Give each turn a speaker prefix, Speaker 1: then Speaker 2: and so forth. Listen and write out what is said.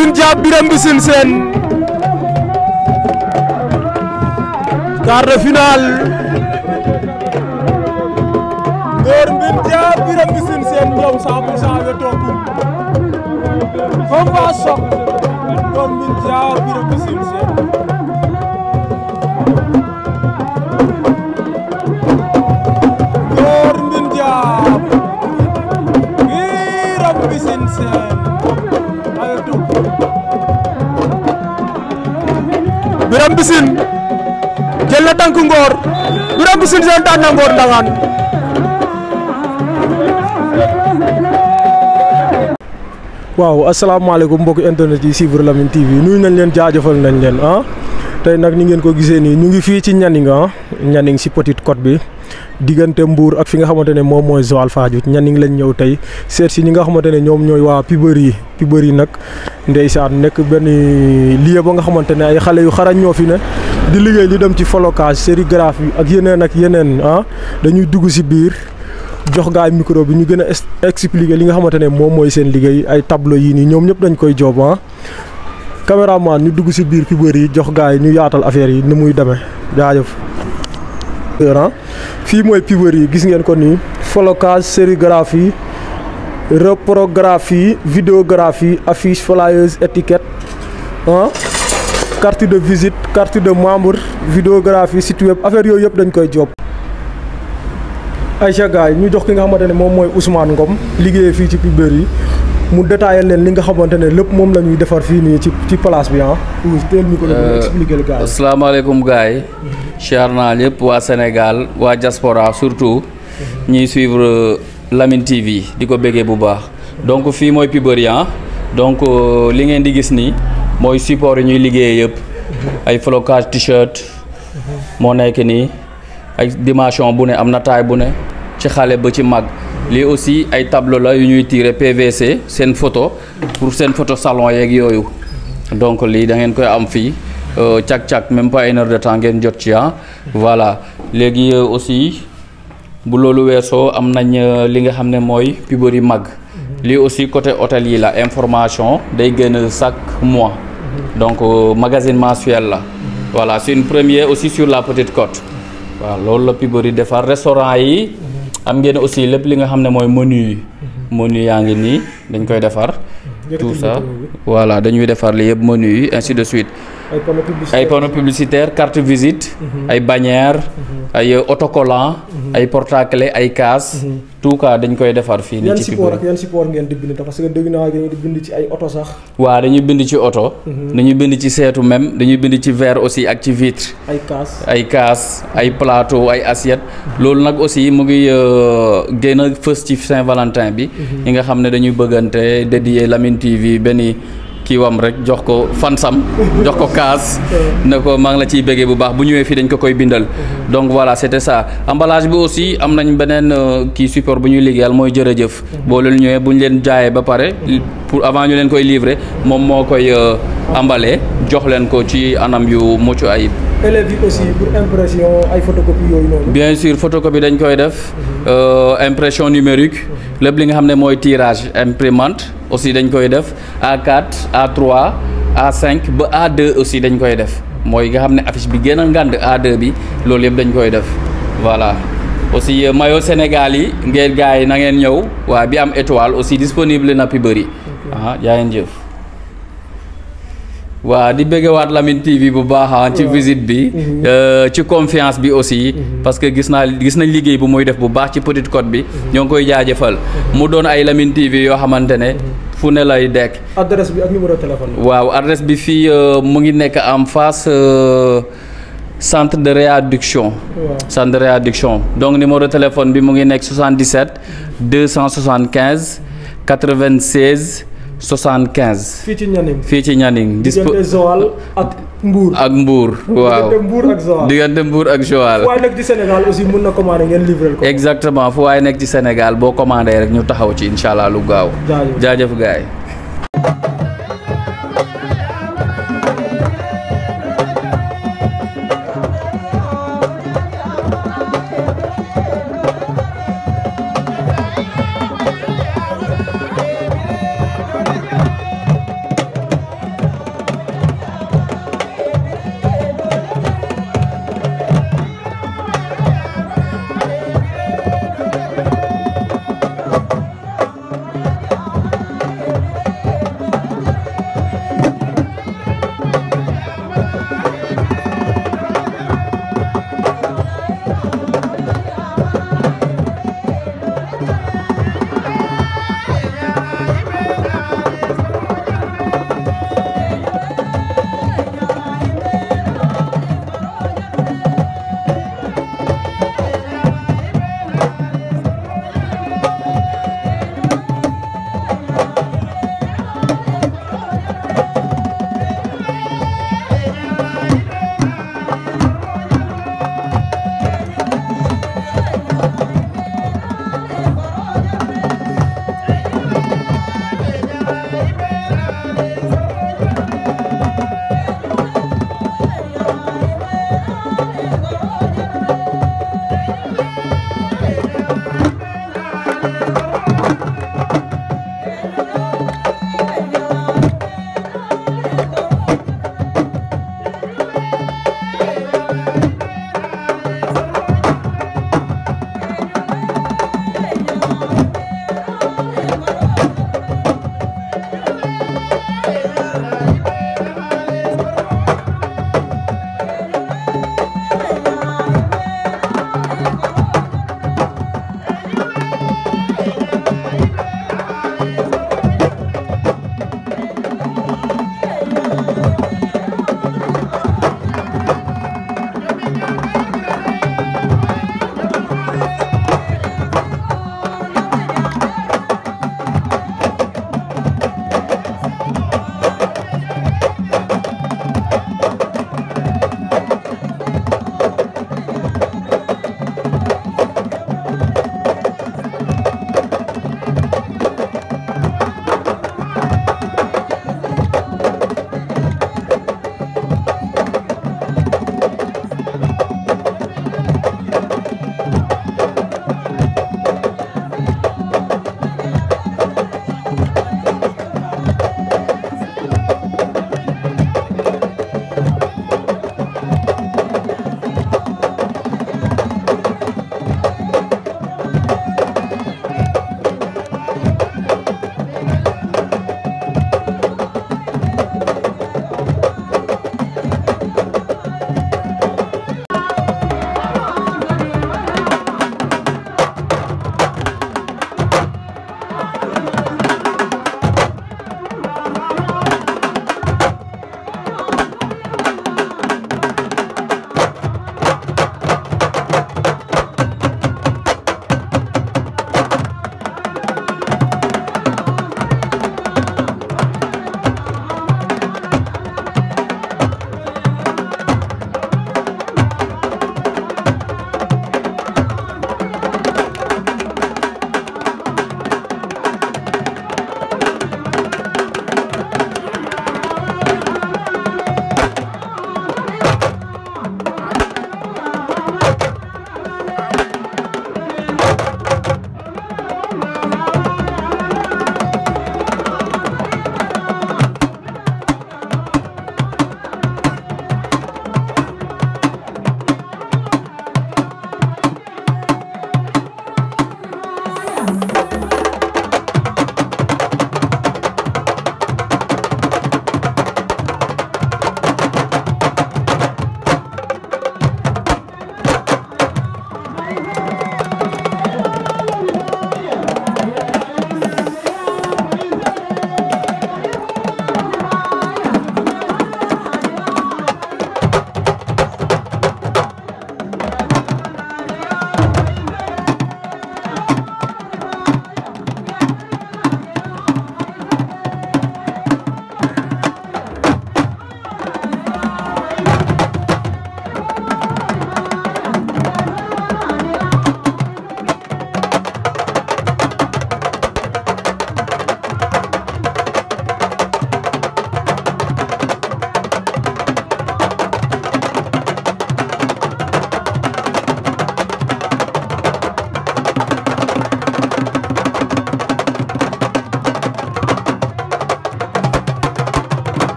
Speaker 1: Abdoune Dia Birame Mbissine Sène quart de finale Ngor Mbine Dia Birame Mbissine Sène ñoom 100 pour 100 nga toog combat choc Ngor Mbine Dia bisin jella tanku Ngor dura bisin Sine seen na Ngor dangan waaw assalamu asalaamaaleykum mbok internet yi suivre Lamyn TV nuy nañ len jaajeufal nañ len han ah. tay nak ni ngeen ko gisee ni ñu ngi fi ci Nianing ah ci Petite Côte bi digënté mbour ak fi nga xamantene ne moy Zoal Joal ñan ñing lañ ñëw tay sét ci ñi nga xamante ne ñoom ñooy waa Pibéry Pibéry nak ndeysaan nek ben lieu ba nga xamantene ay xalé yu xara ñoo fi ne di liggéey li dem ci folocage sérigraphie ak yeneen ak yeneen ah dañuy dugg ci biir jox gaay micro bi ñu gëna a expliquer li nga xamantene ne moy seen liggéey ay tableau yi ni ñom ñëpp dañ koy job ah cameraman ñu dugg ci biir Pibéry jox gaay ñu yaatal affaire yi ni muy démé jaajeuf heure fii mooy pivots yi gis ngeen ko nii flocage sérigraphie reprographie vidéographie affiche flyers étiquette ah carte de visite carte de membre vidéographie site web affaire yooyu yëpp dañ koy job Aïcha gars ñu jox ki nga xamante ne moom mooy Ousmane Ngom liggéeyee fii ci pivots yi mu détaillé leen li nga xamante ne lépp moom lañuy ñuy defar fii nii ci ci place bi ah. teel
Speaker 2: ñu ko doon euh, expliqué leen gars yi. Mm-hmm. waa Sénégal waa jaspora surtout. Mm-hmm. ñuy suivre euh, Lamine TV di ko béggee bu baax. donc fii mooy Pibeurian ah. donc euh, li ngeen di gis nii mooy support yi ñuy liggéeyee yëpp. Mm-hmm. ay flocage t-shirt. moo nekk nii ay dimension bu ne am na taille bu ne ci xale ba ci mag. li aussi ay tableau la yu ñuy tirer PVC seen photo pour seen photo salon yeeg yoyu donc li da ngeen koy am fii euh, càq même pas une heure de temps ngeen jot ci ah voilà légui euh, aussi bu loolu wesso am nañ euh, li nga xamné moy mooy mag li aussi côté hôtel yi la information day génn chaque mois donc magazine mensuel la voilà c'est une première aussi sur la Petite Côte Voilà le la pibori defar restaurant yi am ngeen aussi lepp li nga xamne moy menu mhm. menu yaa ngi nii dañ koy defar mhm. tout ça voilà dañuy defar li yeb menu ainsi de suite
Speaker 1: ay panneaux publicitaire ay
Speaker 2: panneaux publicitaires carte visite. Mhm. ay bannières. Mhm. ay euh, autocollants. Mhm. ay porte-clés ay cases. tout cas dañ koy defar fi ni ci support ak
Speaker 1: yeen support ngeen di bind parce que dégg naa dañuy bind ci ay auto sax.
Speaker 2: wa dañuy bind ci auto dañuy bind ci setu même dañuy bind ci verre aussi ak ci vitre. ay cases ay cases ay plateau ay assiettes. loolu nak aussi mu ngi euh, gëna festif Saint-Valentin bi. ñi nga xamne dañuy bëggante dédié Lamine TV benn. kiiwam rek jox ko fansam jox ko kaas nako mang la ci béggee bu baax bu ñëwee fi dañ ko koy bindal donc voilà c'était ça emballage bi aussi am nañ benen euh, ki support bu ñu liggéeyal moy jërëjëf bo leen ñëwee bu ñu leen jaayé ba paré pour avant ñu leen koy livrer mom mo koy euh, emballer jox leen ko ci anam yu mucc ayib
Speaker 1: élèves aussi pour impression ay photocopie yoy noonu.
Speaker 2: bien sûr photocopie dañ koy def mhm. euh, impression numérique mhm. lépp li nga xamné moy tirage imprimante. aussi dañ koy def A4 a trois a cinq ba A2 aussi dañ koy def mooy nga xam ne affiche bi gën a ngànd A2 bi loolu yëpp dañ koy def voilà aussi euh, maillot Sénégal yi ngeen gars yi na ngeen ñëw waa bi am étoile aussi disponible na bëri. ah jaa jëf. waaw di bëggewaat lamin TV bu baax ah, ci visite bi. Mhm. Euh, ci confiance bi aussi. Mhm. parce que gis naa gis nañ liggéey bi muy def bu baax ci Petite Côte bi. Mhm. ñoo ngi koy jaajafal mu doon ay Lamine TV yoo xamante ne. fu ne lay dekk.
Speaker 1: adresse bi ak numéro téléphone
Speaker 2: waaw adresse bi fii euh, mu ngi nekk en face. Euh, centre de réadduction. Ouais. centre de réadduction donc numéro téléphone bi mu ngi nekk 77 275 96. 75. fii ci Nianing fii ci Nianing. dispo diggante ak mbuur ak Mbour waaw diggante
Speaker 1: Mbour ak Joal.
Speaker 2: diggante Mbour ak Joal. fu waay
Speaker 1: nekk ci Sénégal aussi mun na commander
Speaker 2: ngeen livré ko. exactement fu waay nekk ci Sénégal boo commandé rek ñu taxaw ci incha allah lu gaaw. jaajëf jaajëf